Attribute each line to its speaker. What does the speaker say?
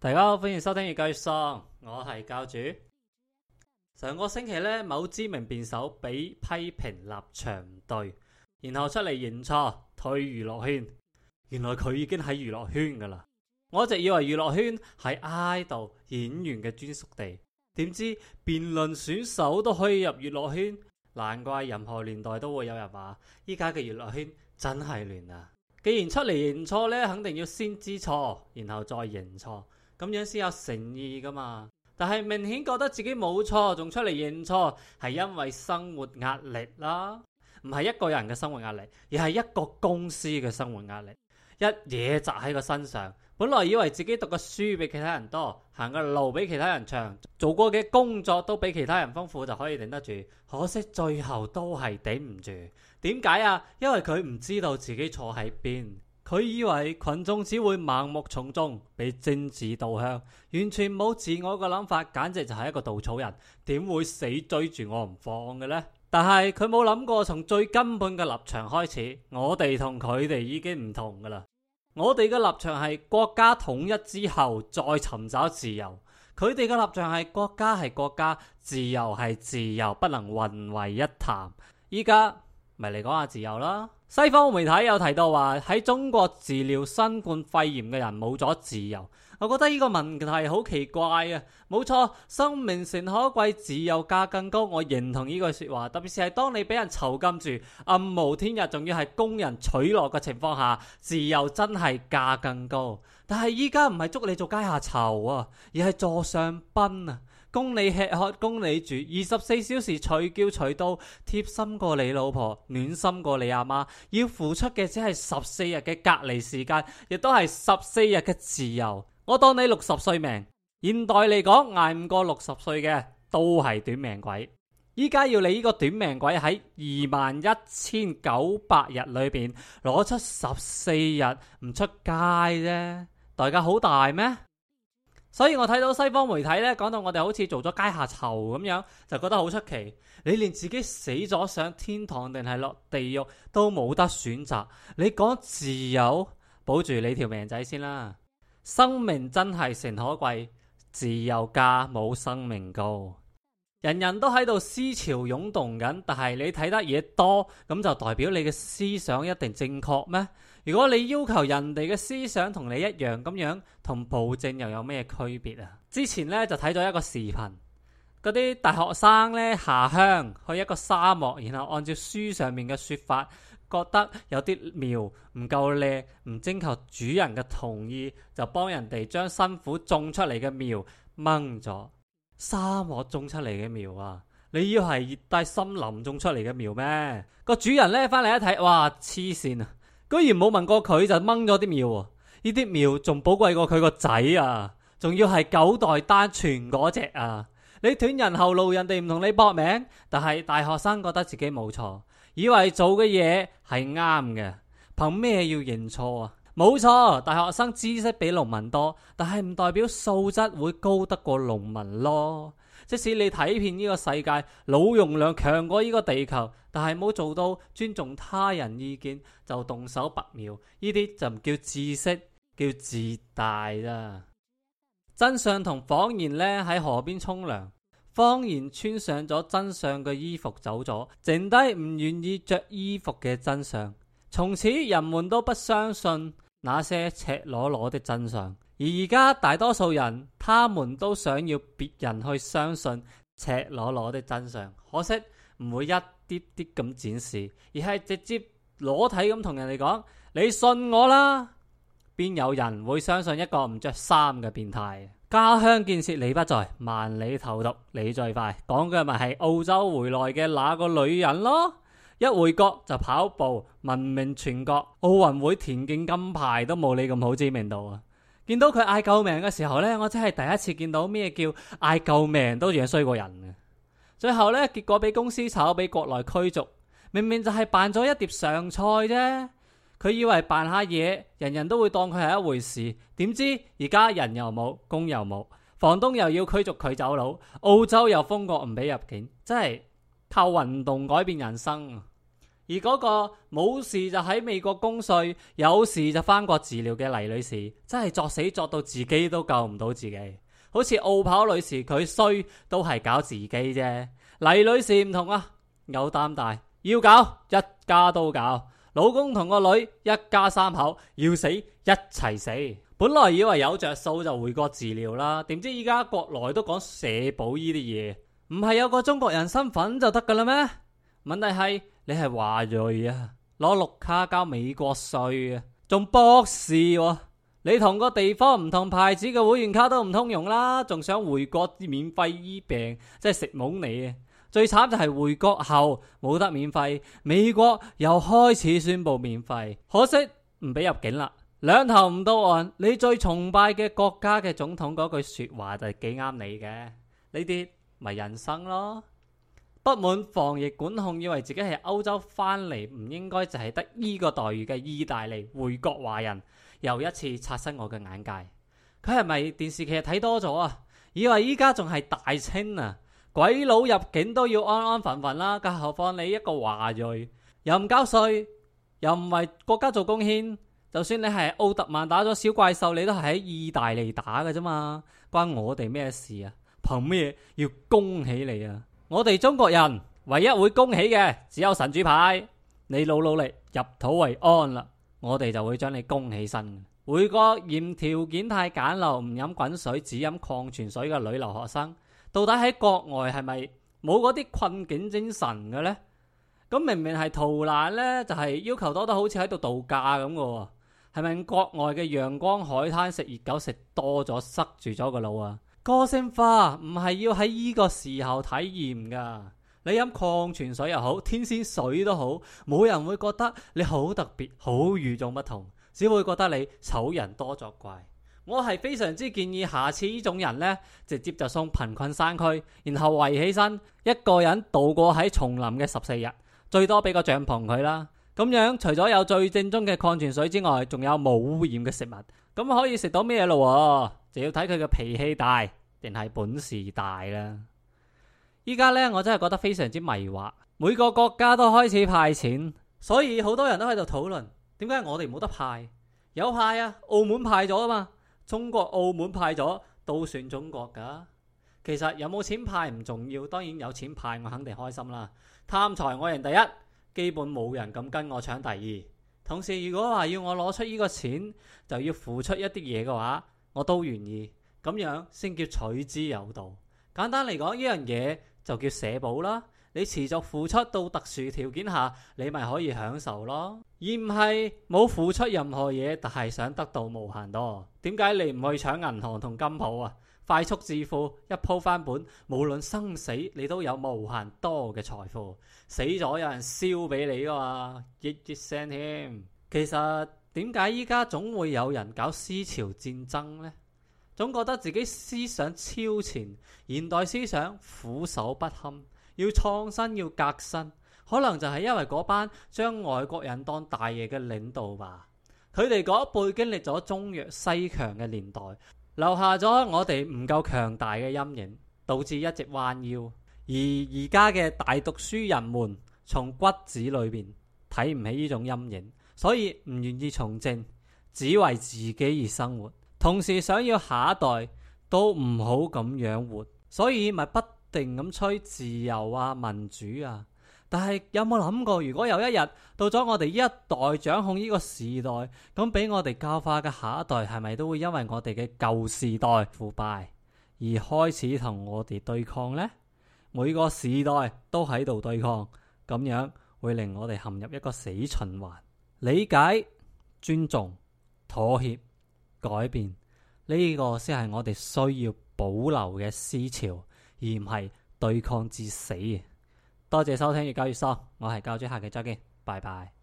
Speaker 1: 大家好，歡迎收聽《越教越喪》，我係教主。上個星期呢，某知名辯手俾批評立場唔對，然後出嚟認錯退娛樂圈。原來佢已經喺娛樂圈噶啦。我一直以為娛樂圈係 idol 演員嘅專屬地，點知辯論選手都可以入娛樂圈。難怪任何年代都會有人話，依家嘅娛樂圈真係亂啊！既然出嚟認錯呢，肯定要先知錯，然後再認錯。咁樣先有誠意噶嘛？但係明顯覺得自己冇錯，仲出嚟認錯，係因為生活壓力啦，唔係一個人嘅生活壓力，而係一個公司嘅生活壓力，一嘢扎喺個身上。本來以為自己讀嘅書比其他人多，行嘅路比其他人長，做過嘅工作都比其他人豐富，就可以頂得住。可惜最後都係頂唔住。點解啊？因為佢唔知道自己錯喺邊。佢以為群眾只會盲目從眾，被政治導向，完全冇自我嘅諗法，簡直就係一個稻草人，點會死追住我唔放嘅呢？但係佢冇諗過，從最根本嘅立場開始，我哋同佢哋已經唔同噶啦。我哋嘅立場係國家統一之後再尋找自由，佢哋嘅立場係國家係國家，自由係自由，不能混為一談。依家。咪嚟講下自由啦，西方媒體有提到話喺中國治療新冠肺炎嘅人冇咗自由，我覺得呢個問題好奇怪啊！冇錯，生命誠可貴，自由價更高，我認同呢句說話。特別是係當你俾人囚禁住、暗無天日，仲要係工人取樂嘅情況下，自由真係價更高。但係依家唔係捉你做階下囚啊，而係座上賓啊！供你吃喝，供你住，二十四小時隨叫隨到，貼心過你老婆，暖心過你阿媽，要付出嘅只係十四日嘅隔離時間，亦都係十四日嘅自由。我當你六十歲命，現代嚟講挨唔過六十歲嘅都係短命鬼。依家要你呢個短命鬼喺二萬一千九百日裏邊攞出十四日唔出街啫，代價好大咩？所以我睇到西方媒體咧，講到我哋好似做咗階下囚咁樣，就覺得好出奇。你連自己死咗上天堂定係落地獄都冇得選擇，你講自由，保住你條命仔先啦。生命真係誠可貴，自由價冇生命高。人人都喺度思潮湧動緊，但係你睇得嘢多，咁就代表你嘅思想一定正確咩？如果你要求人哋嘅思想同你一樣咁樣，同暴政又有咩區別啊？之前咧就睇咗一個視頻，嗰啲大學生咧下鄉去一個沙漠，然後按照書上面嘅說法，覺得有啲苗唔夠靚，唔徵求主人嘅同意，就幫人哋將辛苦種出嚟嘅苗掹咗。沙漠種出嚟嘅苗啊！你要係熱帶森林種出嚟嘅苗咩？個主人咧翻嚟一睇，哇！黐線啊！居然冇問過佢就掹咗啲苗。呢啲苗仲寶貴過佢個仔啊！仲、啊、要係九代單傳嗰隻啊！你斷人後路，人哋唔同你搏命。但係大學生覺得自己冇錯，以為做嘅嘢係啱嘅，憑咩要認錯啊？冇錯，大學生知識比農民多，但係唔代表素質會高得過農民咯。即使你睇遍呢個世界，腦容量強過呢個地球，但係冇做到尊重他人意見就動手拔苗，呢啲就唔叫知識，叫自大啦。真相同謊言呢，喺河邊沖涼，謊言穿上咗真相嘅衣服走咗，剩低唔願意着衣服嘅真相。從此人們都不相信。那些赤裸裸的真相，而而家大多數人他們都想要別人去相信赤裸裸的真相，可惜唔會一啲啲咁展示，而係直接裸體咁同人哋講，你信我啦，邊有人會相信一個唔着衫嘅變態？家鄉建設你不在，萬里投毒你最快，講嘅咪係澳洲回來嘅那個女人咯。一回國就跑步，聞名全國，奧運會田徑金牌都冇你咁好知名度啊！見到佢嗌救命嘅時候呢，我真係第一次見到咩叫嗌救命都仲衰過人啊！最後呢，結果俾公司炒，俾國內驅逐，明明就係扮咗一碟上菜啫，佢以為扮下嘢，人人都會當佢係一回事，點知而家人又冇，工又冇，房東又要驅逐佢走佬，澳洲又封國唔俾入境，真係靠運動改變人生而嗰個冇事就喺美國公稅，有事就返國治療嘅黎女士，真係作死作到自己都救唔到自己。好似澳跑女士，佢衰都係搞自己啫。黎女士唔同啊，有膽大要搞，一家都搞，老公同個女，一家三口要死一齊死。本來以為有着數就回國治療啦，點知依家國內都講社保呢啲嘢，唔係有個中國人身份就得噶啦咩？問題係。你係華裔啊，攞綠卡交美國稅啊，仲博士喎，啊，你同個地方唔同牌子嘅會員卡都唔通用啦，仲想回國免費醫病，真係食懵你啊！最慘就係回國後冇得免費，美國又開始宣布免費，可惜唔畀入境啦，兩頭唔到岸。你最崇拜嘅國家嘅總統嗰句說話就係幾啱你嘅，呢啲咪人生咯。不滿防疫管控，以為自己係歐洲翻嚟唔應該就係得呢個待遇嘅意大利回國華人，又一次刷新我嘅眼界。佢係咪電視劇睇多咗啊？以為依家仲係大清啊？鬼佬入境都要安安分分啦，啊，更何況你一個華裔，又唔交稅，又唔為國家做貢獻，就算你係奧特曼打咗小怪獸，你都係喺意大利打嘅啫嘛，關我哋咩事啊？憑咩要恭喜你啊？我哋中國人唯一會恭喜嘅只有神主牌，你努努力入土為安啦，我哋就會將你供起身。每個嫌條件太簡陋唔飲滾水只飲礦泉水嘅女留學生，到底喺國外係咪冇嗰啲困境精神嘅咧？咁明明係逃難咧，就係、是、要求多得好似喺度度假咁嘅，係咪國外嘅陽光海灘食熱狗食多咗塞住咗個腦啊？個性化唔係要喺呢個時候體驗噶，你飲礦泉水又好，天仙水都好，冇人會覺得你好特別，好與眾不同，只會覺得你醜人多作怪。我係非常之建議，下次呢種人呢，直接就送貧困山區，然後圍起身一個人度過喺叢林嘅十四日，最多俾個帳篷佢啦。咁樣除咗有最正宗嘅礦泉水之外，仲有冇污染嘅食物，咁可以食到咩咯？你要睇佢嘅脾氣大定係本事大啦。依家呢，我真係覺得非常之迷惑。每個國家都開始派錢，所以好多人都喺度討論點解我哋冇得派？有派啊，澳門派咗啊嘛，中國澳門派咗，都算中國噶。其實有冇錢派唔重要，當然有錢派我肯定開心啦。貪財我認第一，基本冇人敢跟我搶第二。同時，如果話要我攞出呢個錢，就要付出一啲嘢嘅話。我都願意，咁樣先叫取之有道。簡單嚟講，呢樣嘢就叫社保啦。你持續付出，到特殊條件下，你咪可以享受咯。而唔係冇付出任何嘢，但係想得到無限多。點解你唔去搶銀行同金鋪啊？快速致富，一鋪翻本，無論生死，你都有無限多嘅財富。死咗有人燒俾你噶益益一聲添。其實。點解依家總會有人搞思潮戰爭呢？總覺得自己思想超前，現代思想苦守不堪。要創新要革新，可能就係因為嗰班將外國人當大爺嘅領導吧。佢哋嗰一輩經歷咗中弱西強嘅年代，留下咗我哋唔夠強大嘅陰影，導致一直彎腰。而而家嘅大讀書人們，從骨子裏邊睇唔起呢種陰影。所以唔願意從政，只為自己而生活，同時想要下一代都唔好咁樣活，所以咪不停咁吹自由啊、民主啊。但係有冇諗過，如果有一日到咗我哋呢一代掌控呢個時代，咁俾我哋教化嘅下一代係咪都會因為我哋嘅舊時代腐敗而開始同我哋對抗呢？每個時代都喺度對抗，咁樣會令我哋陷入一個死循環。理解、尊重、妥協、改變，呢、這個先係我哋需要保留嘅思潮，而唔係對抗至死。多謝收聽《越教越爽》，我係教主，下期再見，拜拜。